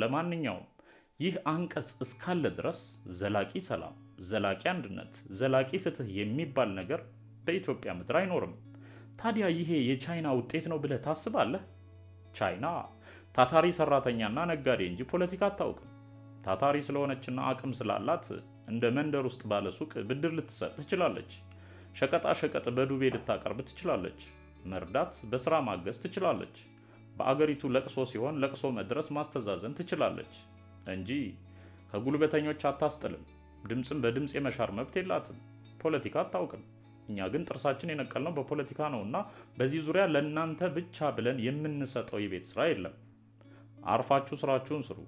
ለማንኛውም ይህ አንቀጽ እስካለ ድረስ ዘላቂ ሰላም፣ ዘላቂ አንድነት፣ ዘላቂ ፍትህ የሚባል ነገር በኢትዮጵያ ምድር አይኖርም። ታዲያ ይሄ የቻይና ውጤት ነው ብለህ ታስባለህ? ቻይና ታታሪ ሰራተኛና ነጋዴ እንጂ ፖለቲካ አታውቅም። ታታሪ ስለሆነችና አቅም ስላላት እንደ መንደር ውስጥ ባለ ሱቅ ብድር ልትሰጥ ትችላለች። ሸቀጣ ሸቀጥ በዱቤ ልታቀርብ ትችላለች። መርዳት፣ በስራ ማገዝ ትችላለች። በአገሪቱ ለቅሶ ሲሆን ለቅሶ መድረስ ማስተዛዘን ትችላለች እንጂ ከጉልበተኞች አታስጥልም። ድምፅም በድምፅ የመሻር መብት የላትም። ፖለቲካ አታውቅም። እኛ ግን ጥርሳችን የነቀልነው በፖለቲካ ነው እና በዚህ ዙሪያ ለእናንተ ብቻ ብለን የምንሰጠው የቤት ስራ የለም። አርፋችሁ ስራችሁን ስሩ።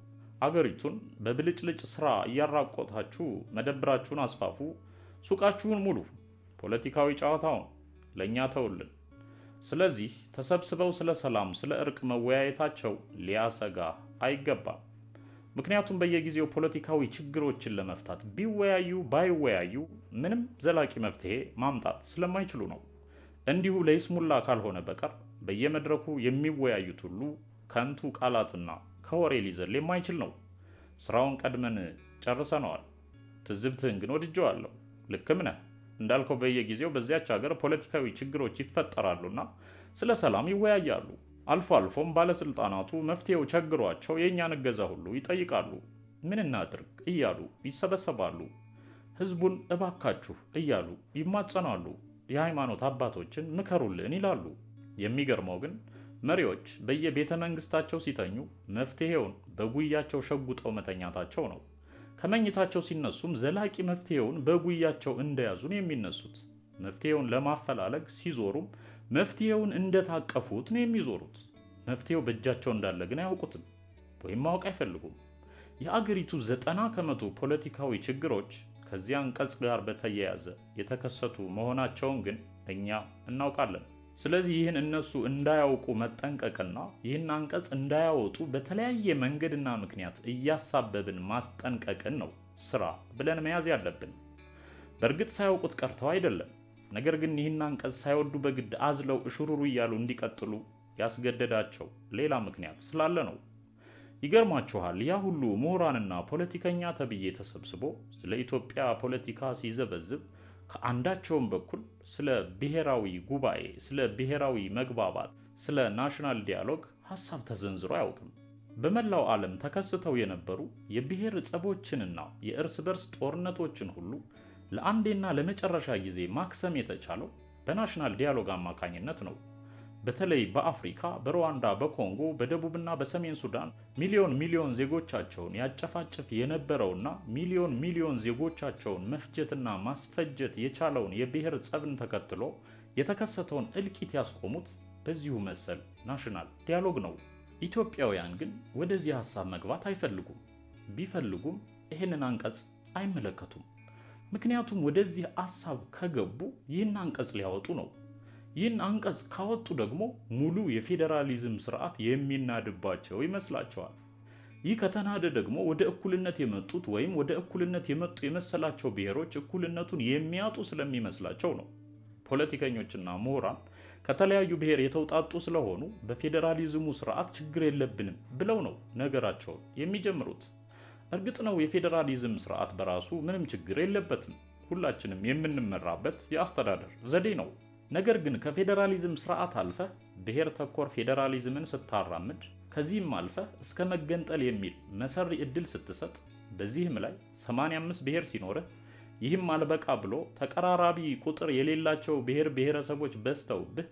አገሪቱን በብልጭልጭ ስራ እያራቆታችሁ መደብራችሁን አስፋፉ፣ ሱቃችሁን ሙሉ። ፖለቲካዊ ጨዋታውን ለእኛ ተውልን። ስለዚህ ተሰብስበው ስለ ሰላም፣ ስለ እርቅ መወያየታቸው ሊያሰጋ አይገባም። ምክንያቱም በየጊዜው ፖለቲካዊ ችግሮችን ለመፍታት ቢወያዩ ባይወያዩ ምንም ዘላቂ መፍትሄ ማምጣት ስለማይችሉ ነው። እንዲሁ ለይስሙላ ካልሆነ በቀር በየመድረኩ የሚወያዩት ሁሉ ከንቱ ቃላትና ከወሬ ሊዘል የማይችል ነው። ስራውን ቀድመን ጨርሰነዋል። ትዝብትህን ግን ወድጀዋለሁ። ልክም ነህ። እንዳልከው በየጊዜው በዚያች ሀገር ፖለቲካዊ ችግሮች ይፈጠራሉና ስለ ሰላም ይወያያሉ። አልፎ አልፎም ባለስልጣናቱ መፍትሄው ቸግሯቸው የእኛን እገዛ ሁሉ ይጠይቃሉ። ምን እናድርግ እያሉ ይሰበሰባሉ። ህዝቡን እባካችሁ እያሉ ይማጸናሉ። የሃይማኖት አባቶችን ምከሩልን ይላሉ። የሚገርመው ግን መሪዎች በየቤተ መንግስታቸው ሲተኙ መፍትሄውን በጉያቸው ሸጉጠው መተኛታቸው ነው። ከመኝታቸው ሲነሱም ዘላቂ መፍትሄውን በጉያቸው እንደያዙ ነው የሚነሱት። መፍትሄውን ለማፈላለግ ሲዞሩም መፍትሄውን እንደታቀፉት ነው የሚዞሩት። መፍትሄው በእጃቸው እንዳለ ግን አያውቁትም ወይም ማወቅ አይፈልጉም። የአገሪቱ ዘጠና ከመቶ ፖለቲካዊ ችግሮች ከዚህ አንቀጽ ጋር በተያያዘ የተከሰቱ መሆናቸውን ግን እኛ እናውቃለን። ስለዚህ ይህን እነሱ እንዳያውቁ መጠንቀቅና ይህን አንቀጽ እንዳያወጡ በተለያየ መንገድና ምክንያት እያሳበብን ማስጠንቀቅን ነው ስራ ብለን መያዝ ያለብን። በእርግጥ ሳያውቁት ቀርተው አይደለም። ነገር ግን ይህን አንቀጽ ሳይወዱ በግድ አዝለው እሽሩሩ እያሉ እንዲቀጥሉ ያስገደዳቸው ሌላ ምክንያት ስላለ ነው። ይገርማችኋል፣ ያ ሁሉ ምሁራንና ፖለቲከኛ ተብዬ ተሰብስቦ ስለ ኢትዮጵያ ፖለቲካ ሲዘበዝብ ከአንዳቸውም በኩል ስለ ብሔራዊ ጉባኤ፣ ስለ ብሔራዊ መግባባት፣ ስለ ናሽናል ዲያሎግ ሀሳብ ተዘንዝሮ አያውቅም። በመላው ዓለም ተከስተው የነበሩ የብሔር ጸቦችንና የእርስ በርስ ጦርነቶችን ሁሉ ለአንዴና ለመጨረሻ ጊዜ ማክሰም የተቻለው በናሽናል ዲያሎግ አማካኝነት ነው። በተለይ በአፍሪካ በሩዋንዳ በኮንጎ በደቡብና በሰሜን ሱዳን ሚሊዮን ሚሊዮን ዜጎቻቸውን ያጨፋጭፍ የነበረውና ሚሊዮን ሚሊዮን ዜጎቻቸውን መፍጀትና ማስፈጀት የቻለውን የብሔር ጸብን ተከትሎ የተከሰተውን እልቂት ያስቆሙት በዚሁ መሰል ናሽናል ዲያሎግ ነው። ኢትዮጵያውያን ግን ወደዚህ ሐሳብ መግባት አይፈልጉም። ቢፈልጉም ይህንን አንቀጽ አይመለከቱም። ምክንያቱም ወደዚህ አሳብ ከገቡ ይህን አንቀጽ ሊያወጡ ነው። ይህን አንቀጽ ካወጡ ደግሞ ሙሉ የፌዴራሊዝም ስርዓት የሚናድባቸው ይመስላቸዋል። ይህ ከተናደ ደግሞ ወደ እኩልነት የመጡት ወይም ወደ እኩልነት የመጡ የመሰላቸው ብሔሮች እኩልነቱን የሚያጡ ስለሚመስላቸው ነው። ፖለቲከኞችና ምሁራን ከተለያዩ ብሔር የተውጣጡ ስለሆኑ በፌዴራሊዝሙ ስርዓት ችግር የለብንም ብለው ነው ነገራቸውን የሚጀምሩት። እርግጥ ነው የፌዴራሊዝም ስርዓት በራሱ ምንም ችግር የለበትም። ሁላችንም የምንመራበት የአስተዳደር ዘዴ ነው። ነገር ግን ከፌዴራሊዝም ስርዓት አልፈ ብሔር ተኮር ፌዴራሊዝምን ስታራምድ ከዚህም አልፈ እስከ መገንጠል የሚል መሰሪ እድል ስትሰጥ በዚህም ላይ 85 ብሔር ሲኖርህ ይህም አልበቃ ብሎ ተቀራራቢ ቁጥር የሌላቸው ብሔር ብሔረሰቦች በዝተውብህ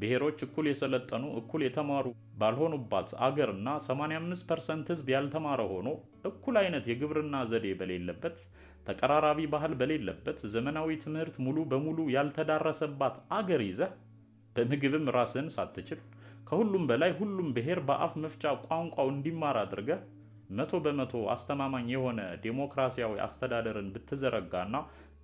ብሔሮች እኩል የሰለጠኑ እኩል የተማሩ ባልሆኑባት አገርና 85 ፐርሰንት ህዝብ ያልተማረ ሆኖ እኩል አይነት የግብርና ዘዴ በሌለበት ተቀራራቢ ባህል በሌለበት ዘመናዊ ትምህርት ሙሉ በሙሉ ያልተዳረሰባት አገር ይዘህ በምግብም ራስህን ሳትችል ከሁሉም በላይ ሁሉም ብሔር በአፍ መፍጫ ቋንቋው እንዲማር አድርገህ መቶ በመቶ አስተማማኝ የሆነ ዴሞክራሲያዊ አስተዳደርን ብትዘረጋና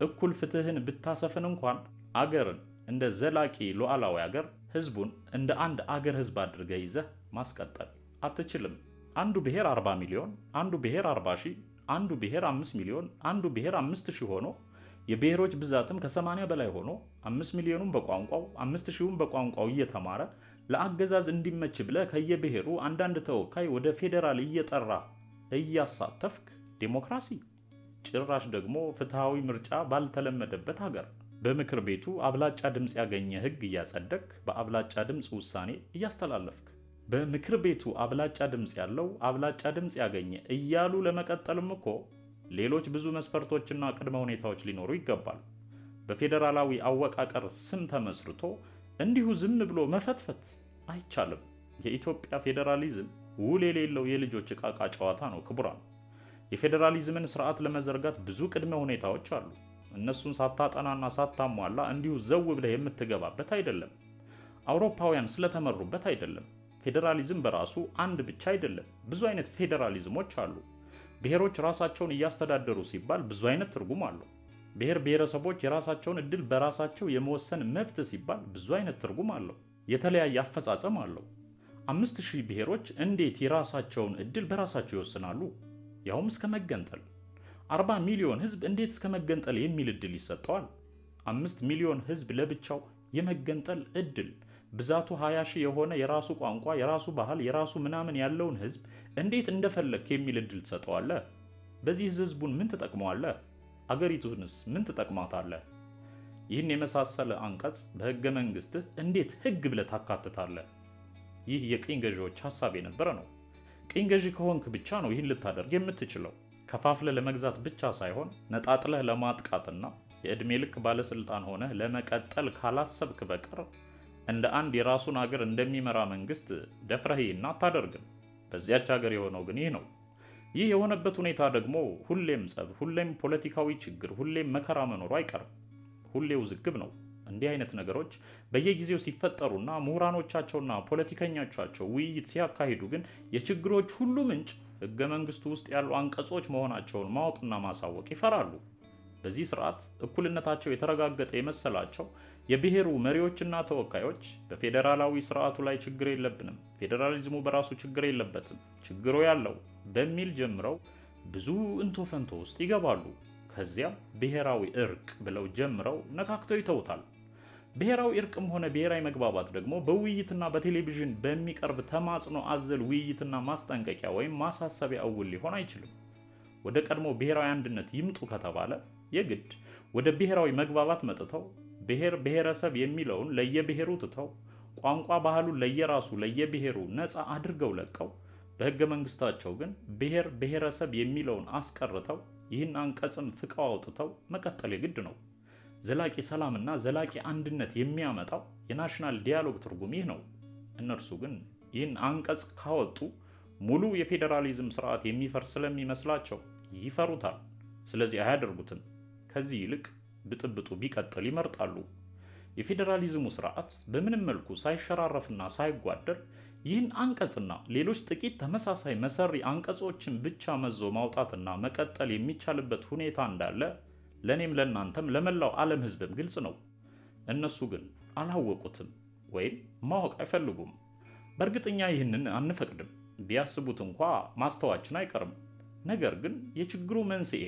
እኩል ፍትህን ብታሰፍን እንኳን አገርን እንደ ዘላቂ ሉዓላዊ አገር ህዝቡን እንደ አንድ አገር ህዝብ አድርገህ ይዘህ ማስቀጠል አትችልም። አንዱ ብሔር 40 ሚሊዮን፣ አንዱ ብሔር 40 ሺህ አንዱ ብሔር 5 ሚሊዮን አንዱ ብሔር 5 ሺህ ሆኖ የብሔሮች ብዛትም ከ80 በላይ ሆኖ 5 ሚሊዮኑም በቋንቋው 5 ሺሁም በቋንቋው እየተማረ ለአገዛዝ እንዲመች ብለህ ከየብሔሩ አንዳንድ ተወካይ ወደ ፌዴራል እየጠራ እያሳተፍክ ዴሞክራሲ ጭራሽ ደግሞ ፍትሐዊ ምርጫ ባልተለመደበት ሀገር በምክር ቤቱ አብላጫ ድምፅ ያገኘ ህግ እያጸደቅ በአብላጫ ድምፅ ውሳኔ እያስተላለፍክ በምክር ቤቱ አብላጫ ድምፅ ያለው አብላጫ ድምፅ ያገኘ እያሉ ለመቀጠልም እኮ ሌሎች ብዙ መስፈርቶችና ቅድመ ሁኔታዎች ሊኖሩ ይገባል። በፌዴራላዊ አወቃቀር ስም ተመስርቶ እንዲሁ ዝም ብሎ መፈትፈት አይቻልም። የኢትዮጵያ ፌዴራሊዝም ውል የሌለው የልጆች ዕቃቃ ጨዋታ ነው። ክቡራን፣ የፌዴራሊዝምን ስርዓት ለመዘርጋት ብዙ ቅድመ ሁኔታዎች አሉ። እነሱን ሳታጠናና ሳታሟላ እንዲሁ ዘው ብለህ የምትገባበት አይደለም። አውሮፓውያን ስለተመሩበት አይደለም። ፌዴራሊዝም በራሱ አንድ ብቻ አይደለም። ብዙ አይነት ፌዴራሊዝሞች አሉ። ብሔሮች ራሳቸውን እያስተዳደሩ ሲባል ብዙ አይነት ትርጉም አለው። ብሔር ብሔረሰቦች የራሳቸውን እድል በራሳቸው የመወሰን መብት ሲባል ብዙ አይነት ትርጉም አለው። የተለያየ አፈጻጸም አለው። አምስት ሺህ ብሔሮች እንዴት የራሳቸውን እድል በራሳቸው ይወስናሉ? ያውም እስከ መገንጠል። 40 ሚሊዮን ህዝብ እንዴት እስከ መገንጠል የሚል እድል ይሰጠዋል? አምስት ሚሊዮን ህዝብ ለብቻው የመገንጠል እድል ብዛቱ 20 ሺህ የሆነ የራሱ ቋንቋ፣ የራሱ ባህል፣ የራሱ ምናምን ያለውን ህዝብ እንዴት እንደፈለግክ የሚል እድል ትሰጠዋለህ? በዚህ ህዝቡን ምን ትጠቅመዋለህ? አገሪቱንስ ምን ትጠቅማታለህ? ይህን የመሳሰለ አንቀጽ በህገ መንግስትህ እንዴት ህግ ብለህ ታካትታለህ? ይህ የቅኝ ገዢዎች ሀሳብ የነበረ ነው። ቅኝ ገዢ ከሆንክ ብቻ ነው ይህን ልታደርግ የምትችለው። ከፋፍለህ ለመግዛት ብቻ ሳይሆን ነጣጥለህ ለማጥቃትና የዕድሜ ልክ ባለስልጣን ሆነህ ለመቀጠል ካላሰብክ በቀር እንደ አንድ የራሱን አገር እንደሚመራ መንግስት ደፍረህ ይህን አታደርግም። በዚያች ሀገር የሆነው ግን ይህ ነው። ይህ የሆነበት ሁኔታ ደግሞ ሁሌም ጸብ፣ ሁሌም ፖለቲካዊ ችግር፣ ሁሌም መከራ መኖሩ አይቀርም። ሁሌ ውዝግብ ነው። እንዲህ አይነት ነገሮች በየጊዜው ሲፈጠሩና ምሁራኖቻቸውና ፖለቲከኞቻቸው ውይይት ሲያካሂዱ ግን የችግሮች ሁሉ ምንጭ ህገ መንግስቱ ውስጥ ያሉ አንቀጾች መሆናቸውን ማወቅና ማሳወቅ ይፈራሉ። በዚህ ስርዓት እኩልነታቸው የተረጋገጠ የመሰላቸው የብሔሩ መሪዎችና ተወካዮች በፌዴራላዊ ስርዓቱ ላይ ችግር የለብንም፣ ፌዴራሊዝሙ በራሱ ችግር የለበትም፣ ችግሩ ያለው በሚል ጀምረው ብዙ እንቶ ፈንቶ ውስጥ ይገባሉ። ከዚያም ብሔራዊ እርቅ ብለው ጀምረው ነካክተው ይተውታል። ብሔራዊ እርቅም ሆነ ብሔራዊ መግባባት ደግሞ በውይይትና በቴሌቪዥን በሚቀርብ ተማጽኖ አዘል ውይይትና ማስጠንቀቂያ ወይም ማሳሰቢያ እውል ሊሆን አይችልም። ወደ ቀድሞ ብሔራዊ አንድነት ይምጡ ከተባለ የግድ ወደ ብሔራዊ መግባባት መጥተው ብሔር ብሔረሰብ የሚለውን ለየብሔሩ ትተው ቋንቋ ባህሉን ለየራሱ ለየብሔሩ ነፃ አድርገው ለቀው በህገ መንግስታቸው ግን ብሔር ብሔረሰብ የሚለውን አስቀርተው ይህን አንቀጽም ፍቀው አውጥተው መቀጠል የግድ ነው። ዘላቂ ሰላምና ዘላቂ አንድነት የሚያመጣው የናሽናል ዲያሎግ ትርጉም ይህ ነው። እነርሱ ግን ይህን አንቀጽ ካወጡ ሙሉ የፌዴራሊዝም ስርዓት የሚፈርስ ስለሚመስላቸው ይፈሩታል። ስለዚህ አያደርጉትም። ከዚህ ይልቅ ብጥብጡ ቢቀጥል ይመርጣሉ። የፌዴራሊዝሙ ስርዓት በምንም መልኩ ሳይሸራረፍና ሳይጓደር ይህን አንቀጽና ሌሎች ጥቂት ተመሳሳይ መሰሪ አንቀጾችን ብቻ መዞ ማውጣትና መቀጠል የሚቻልበት ሁኔታ እንዳለ ለእኔም ለእናንተም ለመላው ዓለም ሕዝብም ግልጽ ነው። እነሱ ግን አላወቁትም ወይም ማወቅ አይፈልጉም። በእርግጠኛ ይህንን አንፈቅድም። ቢያስቡት እንኳ ማስተዋችን አይቀርም። ነገር ግን የችግሩ መንስኤ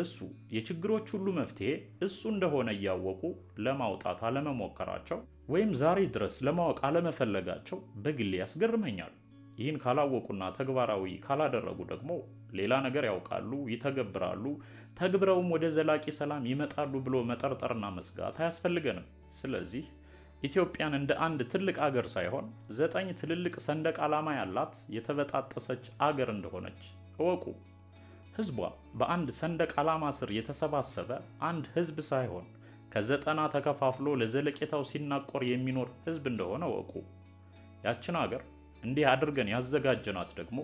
እሱ የችግሮች ሁሉ መፍትሄ እሱ እንደሆነ እያወቁ ለማውጣት አለመሞከራቸው ወይም ዛሬ ድረስ ለማወቅ አለመፈለጋቸው በግሌ ያስገርመኛል። ይህን ካላወቁና ተግባራዊ ካላደረጉ ደግሞ ሌላ ነገር ያውቃሉ፣ ይተገብራሉ፣ ተግብረውም ወደ ዘላቂ ሰላም ይመጣሉ ብሎ መጠርጠርና መስጋት አያስፈልገንም። ስለዚህ ኢትዮጵያን እንደ አንድ ትልቅ አገር ሳይሆን ዘጠኝ ትልልቅ ሰንደቅ ዓላማ ያላት የተበጣጠሰች አገር እንደሆነች እወቁ። ህዝቧ በአንድ ሰንደቅ ዓላማ ስር የተሰባሰበ አንድ ህዝብ ሳይሆን ከዘጠና ተከፋፍሎ ለዘለቄታው ሲናቆር የሚኖር ህዝብ እንደሆነ ወቁ። ያችን አገር እንዲህ አድርገን ያዘጋጀናት ደግሞ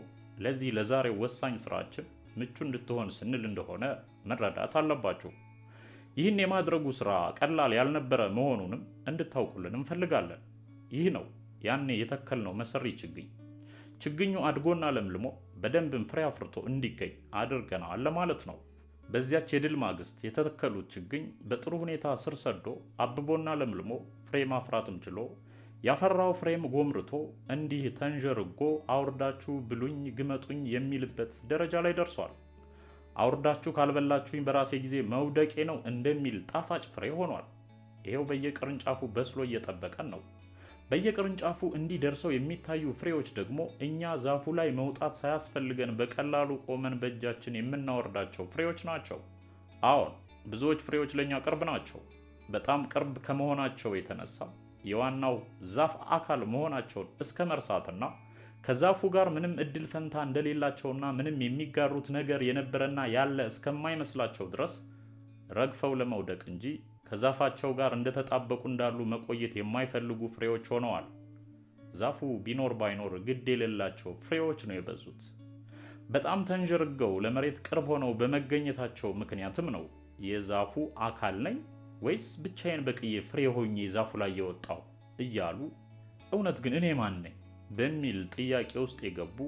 ለዚህ ለዛሬው ወሳኝ ስራችን ምቹ እንድትሆን ስንል እንደሆነ መረዳት አለባችሁ። ይህን የማድረጉ ስራ ቀላል ያልነበረ መሆኑንም እንድታውቁልን እንፈልጋለን። ይህ ነው ያኔ የተከልነው መሰሪ ችግኝ። ችግኙ አድጎና ለምልሞ በደንብም ፍሬ አፍርቶ እንዲገኝ አድርገናል ለማለት ነው። በዚያች የድል ማግስት የተተከሉት ችግኝ በጥሩ ሁኔታ ስር ሰዶ አብቦና ለምልሞ ፍሬ ማፍራትም ችሎ ያፈራው ፍሬም ጎምርቶ እንዲህ ተንዠርጎ አውርዳችሁ ብሉኝ ግመጡኝ የሚልበት ደረጃ ላይ ደርሷል። አውርዳችሁ ካልበላችሁኝ በራሴ ጊዜ መውደቄ ነው እንደሚል ጣፋጭ ፍሬ ሆኗል። ይኸው በየቅርንጫፉ በስሎ እየጠበቀን ነው። በየቅርንጫፉ እንዲህ ደርሰው የሚታዩ ፍሬዎች ደግሞ እኛ ዛፉ ላይ መውጣት ሳያስፈልገን በቀላሉ ቆመን በእጃችን የምናወርዳቸው ፍሬዎች ናቸው። አዎን ብዙዎች ፍሬዎች ለእኛ ቅርብ ናቸው። በጣም ቅርብ ከመሆናቸው የተነሳ የዋናው ዛፍ አካል መሆናቸውን እስከ መርሳትና ከዛፉ ጋር ምንም እድል ፈንታ እንደሌላቸውና ምንም የሚጋሩት ነገር የነበረና ያለ እስከማይመስላቸው ድረስ ረግፈው ለመውደቅ እንጂ ከዛፋቸው ጋር እንደተጣበቁ እንዳሉ መቆየት የማይፈልጉ ፍሬዎች ሆነዋል። ዛፉ ቢኖር ባይኖር ግድ የሌላቸው ፍሬዎች ነው የበዙት። በጣም ተንዠርገው ለመሬት ቅርብ ሆነው በመገኘታቸው ምክንያትም ነው የዛፉ አካል ነኝ ወይስ ብቻዬን በቅዬ ፍሬ ሆኜ ዛፉ ላይ የወጣው እያሉ እውነት ግን እኔ ማን ነኝ በሚል ጥያቄ ውስጥ የገቡ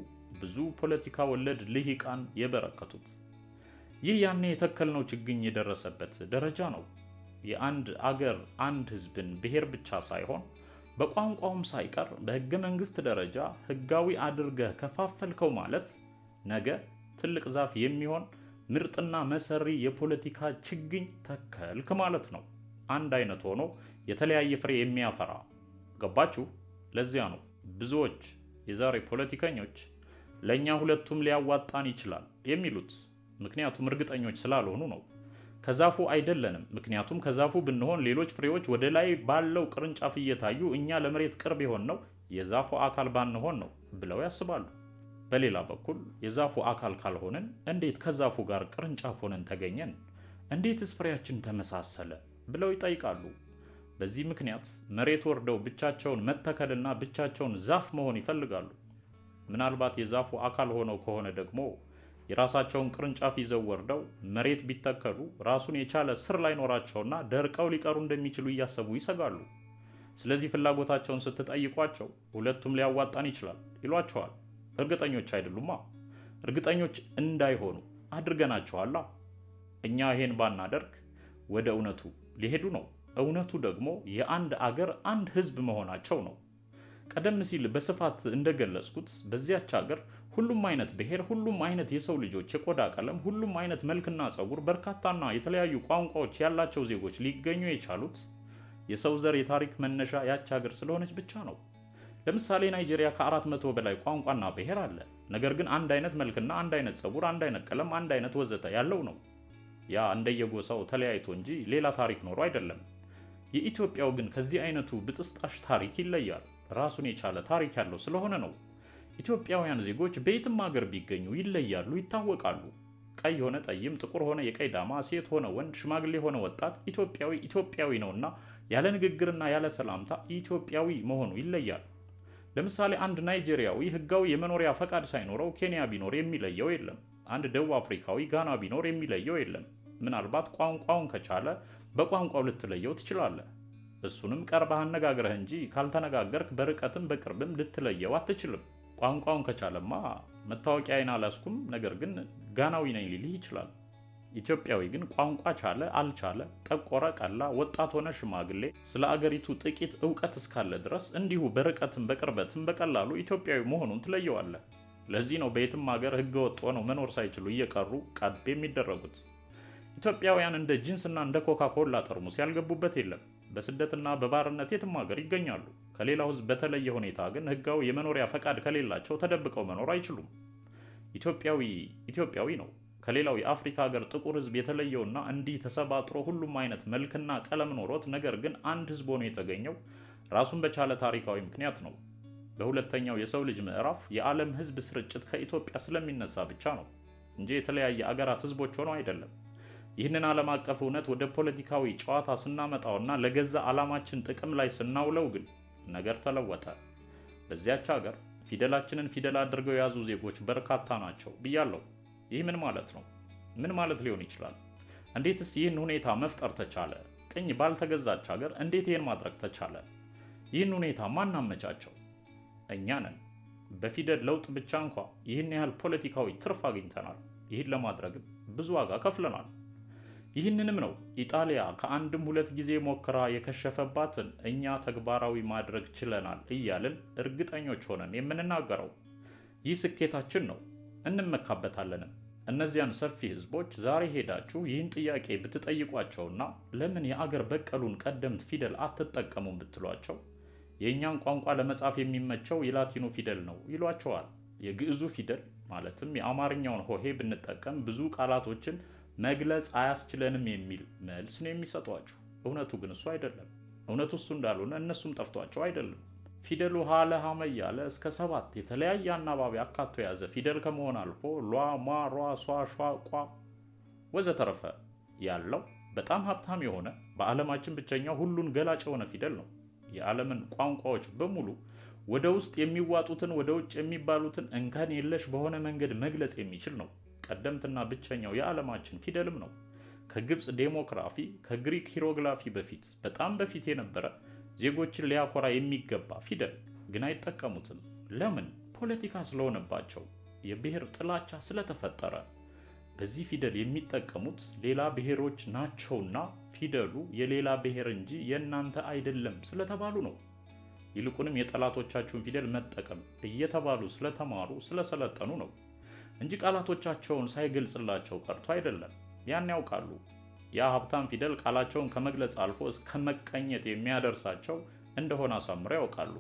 ብዙ ፖለቲካ ወለድ ልሂቃን የበረከቱት። ይህ ያኔ የተከልነው ችግኝ የደረሰበት ደረጃ ነው። የአንድ አገር አንድ ህዝብን ብሔር ብቻ ሳይሆን በቋንቋውም ሳይቀር በህገ መንግስት ደረጃ ህጋዊ አድርገህ ከፋፈልከው ማለት ነገ ትልቅ ዛፍ የሚሆን ምርጥና መሰሪ የፖለቲካ ችግኝ ተከልክ ማለት ነው። አንድ አይነት ሆኖ የተለያየ ፍሬ የሚያፈራ ገባችሁ? ለዚያ ነው ብዙዎች የዛሬ ፖለቲከኞች ለእኛ ሁለቱም ሊያዋጣን ይችላል የሚሉት ምክንያቱም እርግጠኞች ስላልሆኑ ነው። ከዛፉ አይደለንም። ምክንያቱም ከዛፉ ብንሆን ሌሎች ፍሬዎች ወደ ላይ ባለው ቅርንጫፍ እየታዩ እኛ ለመሬት ቅርብ የሆን ነው የዛፉ አካል ባንሆን ነው ብለው ያስባሉ። በሌላ በኩል የዛፉ አካል ካልሆንን እንዴት ከዛፉ ጋር ቅርንጫፍ ሆነን ተገኘን? እንዴትስ ፍሬያችን ተመሳሰለ? ብለው ይጠይቃሉ። በዚህ ምክንያት መሬት ወርደው ብቻቸውን መተከልና ብቻቸውን ዛፍ መሆን ይፈልጋሉ። ምናልባት የዛፉ አካል ሆነው ከሆነ ደግሞ የራሳቸውን ቅርንጫፍ ይዘው ወርደው መሬት ቢተከሉ ራሱን የቻለ ስር ላይኖራቸውና ደርቀው ሊቀሩ እንደሚችሉ እያሰቡ ይሰጋሉ። ስለዚህ ፍላጎታቸውን ስትጠይቋቸው ሁለቱም ሊያዋጣን ይችላል ይሏቸዋል። እርግጠኞች አይደሉማ። እርግጠኞች እንዳይሆኑ አድርገናቸዋላ። እኛ ይሄን ባናደርግ ወደ እውነቱ ሊሄዱ ነው። እውነቱ ደግሞ የአንድ አገር አንድ ህዝብ መሆናቸው ነው። ቀደም ሲል በስፋት እንደገለጽኩት በዚያች አገር ሁሉም አይነት ብሔር፣ ሁሉም አይነት የሰው ልጆች የቆዳ ቀለም፣ ሁሉም አይነት መልክና ጸጉር፣ በርካታና የተለያዩ ቋንቋዎች ያላቸው ዜጎች ሊገኙ የቻሉት የሰው ዘር የታሪክ መነሻ ያች ሀገር ስለሆነች ብቻ ነው። ለምሳሌ ናይጄሪያ ከአራት መቶ በላይ ቋንቋና ብሔር አለ። ነገር ግን አንድ አይነት መልክና አንድ አይነት ጸጉር፣ አንድ አይነት ቀለም፣ አንድ አይነት ወዘተ ያለው ነው። ያ እንደየጎሳው ተለያይቶ እንጂ ሌላ ታሪክ ኖሮ አይደለም። የኢትዮጵያው ግን ከዚህ አይነቱ ብጥስጣሽ ታሪክ ይለያል። ራሱን የቻለ ታሪክ ያለው ስለሆነ ነው። ኢትዮጵያውያን ዜጎች በየትም ሀገር ቢገኙ ይለያሉ፣ ይታወቃሉ። ቀይ ሆነ ጠይም፣ ጥቁር ሆነ የቀይ ዳማ፣ ሴት ሆነ ወንድ፣ ሽማግሌ ሆነ ወጣት፣ ኢትዮጵያዊ ኢትዮጵያዊ ነውና ያለ ንግግርና ያለ ሰላምታ ኢትዮጵያዊ መሆኑ ይለያል። ለምሳሌ አንድ ናይጄሪያዊ ህጋዊ የመኖሪያ ፈቃድ ሳይኖረው ኬንያ ቢኖር የሚለየው የለም። አንድ ደቡብ አፍሪካዊ ጋና ቢኖር የሚለየው የለም። ምናልባት ቋንቋውን ከቻለ በቋንቋው ልትለየው ትችላለህ። እሱንም ቀርበህ አነጋግረህ እንጂ ካልተነጋገርክ በርቀትም በቅርብም ልትለየው አትችልም። ቋንቋውን ከቻለማ መታወቂያዬን አላስኩም፣ ነገር ግን ጋናዊ ነኝ ሊልህ ይችላል። ኢትዮጵያዊ ግን ቋንቋ ቻለ አልቻለ፣ ጠቆረ ቀላ፣ ወጣት ሆነ ሽማግሌ፣ ስለ አገሪቱ ጥቂት እውቀት እስካለ ድረስ እንዲሁ በርቀትም በቅርበትም በቀላሉ ኢትዮጵያዊ መሆኑን ትለየዋለህ። ለዚህ ነው በየትም ሀገር ህገወጥ ሆነው መኖር ሳይችሉ እየቀሩ ቀብ የሚደረጉት። ኢትዮጵያውያን እንደ ጂንስና እንደ ኮካ ኮላ ጠርሙስ ያልገቡበት የለም። በስደትና በባርነት የትም ሀገር ይገኛሉ። ከሌላው ህዝብ በተለየ ሁኔታ ግን ህጋዊ የመኖሪያ ፈቃድ ከሌላቸው ተደብቀው መኖር አይችሉም። ኢትዮጵያዊ ኢትዮጵያዊ ነው። ከሌላው የአፍሪካ ሀገር ጥቁር ህዝብ የተለየውና እንዲህ ተሰባጥሮ ሁሉም አይነት መልክና ቀለም ኖሮት ነገር ግን አንድ ህዝብ ሆኖ የተገኘው ራሱን በቻለ ታሪካዊ ምክንያት ነው። በሁለተኛው የሰው ልጅ ምዕራፍ የዓለም ህዝብ ስርጭት ከኢትዮጵያ ስለሚነሳ ብቻ ነው እንጂ የተለያየ አገራት ህዝቦች ሆነው አይደለም። ይህንን ዓለም አቀፍ እውነት ወደ ፖለቲካዊ ጨዋታ ስናመጣውና ለገዛ ዓላማችን ጥቅም ላይ ስናውለው ግን ነገር ተለወጠ። በዚያች ሀገር ፊደላችንን ፊደል አድርገው የያዙ ዜጎች በርካታ ናቸው ብያለሁ። ይህ ምን ማለት ነው? ምን ማለት ሊሆን ይችላል? እንዴትስ ይህን ሁኔታ መፍጠር ተቻለ? ቅኝ ባልተገዛች ሀገር እንዴት ይህን ማድረግ ተቻለ? ይህን ሁኔታ ማን አመቻቸው? እኛ ነን። በፊደል ለውጥ ብቻ እንኳ ይህን ያህል ፖለቲካዊ ትርፍ አግኝተናል። ይህን ለማድረግም ብዙ ዋጋ ከፍለናል። ይህንንም ነው ኢጣሊያ ከአንድም ሁለት ጊዜ ሞክራ የከሸፈባትን እኛ ተግባራዊ ማድረግ ችለናል እያልን እርግጠኞች ሆነን የምንናገረው። ይህ ስኬታችን ነው፣ እንመካበታለንም። እነዚያን ሰፊ ህዝቦች ዛሬ ሄዳችሁ ይህን ጥያቄ ብትጠይቋቸውና ለምን የአገር በቀሉን ቀደምት ፊደል አትጠቀሙም ብትሏቸው የእኛን ቋንቋ ለመጻፍ የሚመቸው የላቲኑ ፊደል ነው ይሏቸዋል። የግዕዙ ፊደል ማለትም የአማርኛውን ሆሄ ብንጠቀም ብዙ ቃላቶችን መግለጽ አያስችለንም የሚል መልስ ነው የሚሰጧችሁ። እውነቱ ግን እሱ አይደለም። እውነቱ እሱ እንዳልሆነ እነሱም ጠፍቷቸው አይደለም። ፊደሉ ሃለ ሐመ እያለ እስከ ሰባት የተለያየ አናባቢ አካቶ የያዘ ፊደል ከመሆን አልፎ ሏ፣ ሟ፣ ሯ፣ ሷ፣ ሿ፣ ቋ ወዘተረፈ ያለው በጣም ሀብታም የሆነ በዓለማችን ብቸኛው ሁሉን ገላጭ የሆነ ፊደል ነው። የዓለምን ቋንቋዎች በሙሉ ወደ ውስጥ የሚዋጡትን ወደ ውጭ የሚባሉትን እንከን የለሽ በሆነ መንገድ መግለጽ የሚችል ነው። ቀደምትና ብቸኛው የዓለማችን ፊደልም ነው። ከግብፅ ዴሞክራፊ ከግሪክ ሂሮግላፊ በፊት በጣም በፊት የነበረ ዜጎችን ሊያኮራ የሚገባ ፊደል ግን አይጠቀሙትም። ለምን? ፖለቲካ ስለሆነባቸው፣ የብሔር ጥላቻ ስለተፈጠረ። በዚህ ፊደል የሚጠቀሙት ሌላ ብሔሮች ናቸውና ፊደሉ የሌላ ብሔር እንጂ የእናንተ አይደለም ስለተባሉ ነው። ይልቁንም የጠላቶቻችሁን ፊደል መጠቀም እየተባሉ ስለተማሩ ስለሰለጠኑ ነው። እንጂ ቃላቶቻቸውን ሳይገልጽላቸው ቀርቶ አይደለም። ያን ያውቃሉ። ያ ሀብታም ፊደል ቃላቸውን ከመግለጽ አልፎ እስከ መቀኘት የሚያደርሳቸው እንደሆነ አሳምረው ያውቃሉ።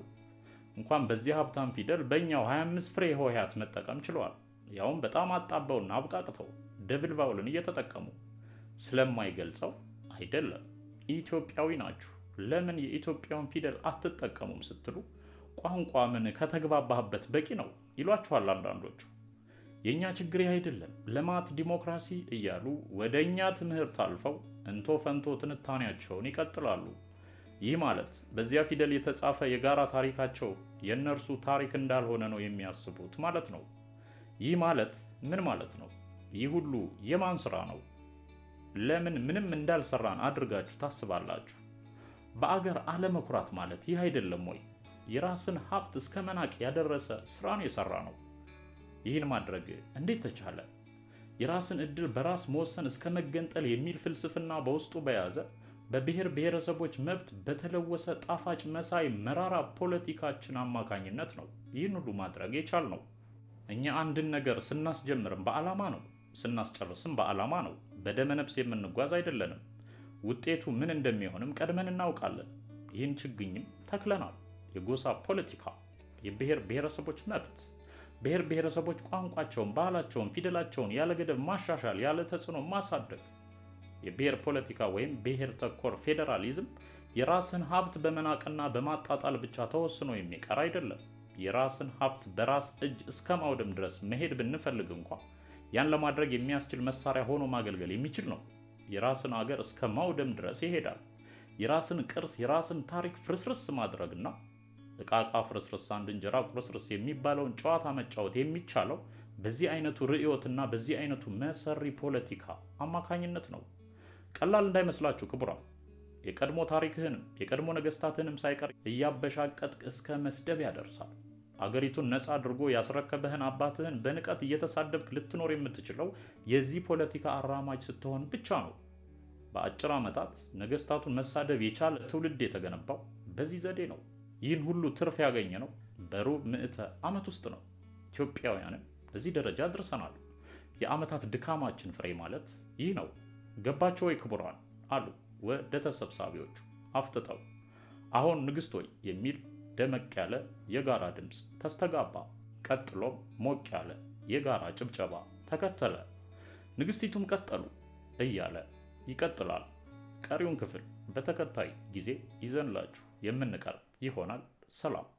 እንኳን በዚህ ሀብታም ፊደል በእኛው 25 ፍሬ ሆሄያት መጠቀም ችለዋል። ያውም በጣም አጣበውና አብቃቅተው ደብል ቫውልን እየተጠቀሙ ስለማይገልጸው አይደለም። ኢትዮጵያዊ ናችሁ፣ ለምን የኢትዮጵያውን ፊደል አትጠቀሙም ስትሉ ቋንቋ ምን ከተግባባህበት በቂ ነው ይሏችኋል አንዳንዶቹ። የእኛ ችግር አይደለም ልማት፣ ዲሞክራሲ እያሉ ወደ እኛ ትምህርት አልፈው እንቶ ፈንቶ ትንታኔያቸውን ይቀጥላሉ። ይህ ማለት በዚያ ፊደል የተጻፈ የጋራ ታሪካቸው የእነርሱ ታሪክ እንዳልሆነ ነው የሚያስቡት ማለት ነው። ይህ ማለት ምን ማለት ነው? ይህ ሁሉ የማን ስራ ነው? ለምን ምንም እንዳልሰራን አድርጋችሁ ታስባላችሁ? በአገር አለመኩራት ማለት ይህ አይደለም ወይ? የራስን ሀብት እስከ መናቅ ያደረሰ ስራን የሰራ ነው። ይህን ማድረግ እንዴት ተቻለ? የራስን እድል በራስ መወሰን እስከ መገንጠል የሚል ፍልስፍና በውስጡ በያዘ በብሔር ብሔረሰቦች መብት በተለወሰ ጣፋጭ መሳይ መራራ ፖለቲካችን አማካኝነት ነው ይህን ሁሉ ማድረግ የቻል ነው። እኛ አንድን ነገር ስናስጀምርም በዓላማ ነው፣ ስናስጨርስም በዓላማ ነው። በደመነፍስ የምንጓዝ አይደለንም። ውጤቱ ምን እንደሚሆንም ቀድመን እናውቃለን። ይህን ችግኝም ተክለናል። የጎሳ ፖለቲካ፣ የብሔር ብሔረሰቦች መብት ብሔር ብሔረሰቦች ቋንቋቸውን፣ ባህላቸውን፣ ፊደላቸውን ያለ ገደብ ማሻሻል፣ ያለ ተጽዕኖ ማሳደግ። የብሔር ፖለቲካ ወይም ብሔር ተኮር ፌዴራሊዝም የራስን ሀብት በመናቅና በማጣጣል ብቻ ተወስኖ የሚቀር አይደለም። የራስን ሀብት በራስ እጅ እስከ ማውደም ድረስ መሄድ ብንፈልግ እንኳ ያን ለማድረግ የሚያስችል መሳሪያ ሆኖ ማገልገል የሚችል ነው። የራስን አገር እስከ ማውደም ድረስ ይሄዳል። የራስን ቅርስ፣ የራስን ታሪክ ፍርስርስ ማድረግና እቃቃ ፍርስርስ አንድ እንጀራ ቁርስርስ የሚባለውን ጨዋታ መጫወት የሚቻለው በዚህ አይነቱ ርዕዮትና በዚህ አይነቱ መሰሪ ፖለቲካ አማካኝነት ነው። ቀላል እንዳይመስላችሁ ክቡራን፣ የቀድሞ ታሪክህንም የቀድሞ ነገስታትህንም ሳይቀር እያበሻቀጥቅ እስከ መስደብ ያደርሳል። አገሪቱን ነፃ አድርጎ ያስረከበህን አባትህን በንቀት እየተሳደብክ ልትኖር የምትችለው የዚህ ፖለቲካ አራማጅ ስትሆን ብቻ ነው። በአጭር ዓመታት ነገስታቱን መሳደብ የቻለ ትውልድ የተገነባው በዚህ ዘዴ ነው። ይህን ሁሉ ትርፍ ያገኘ ነው በሩብ ምዕተ ዓመት ውስጥ ነው። ኢትዮጵያውያንም በዚህ ደረጃ ደርሰናል። የዓመታት ድካማችን ፍሬ ማለት ይህ ነው። ገባቸው ወይ ክቡራን? አሉ ወደ ተሰብሳቢዎቹ አፍጥጠው። አሁን ንግሥት ሆይ የሚል ደመቅ ያለ የጋራ ድምፅ ተስተጋባ። ቀጥሎም ሞቅ ያለ የጋራ ጭብጨባ ተከተለ። ንግሥቲቱም ቀጠሉ እያለ ይቀጥላል። ቀሪውን ክፍል በተከታይ ጊዜ ይዘንላችሁ የምንቀርብ ይሆናል። ሰላም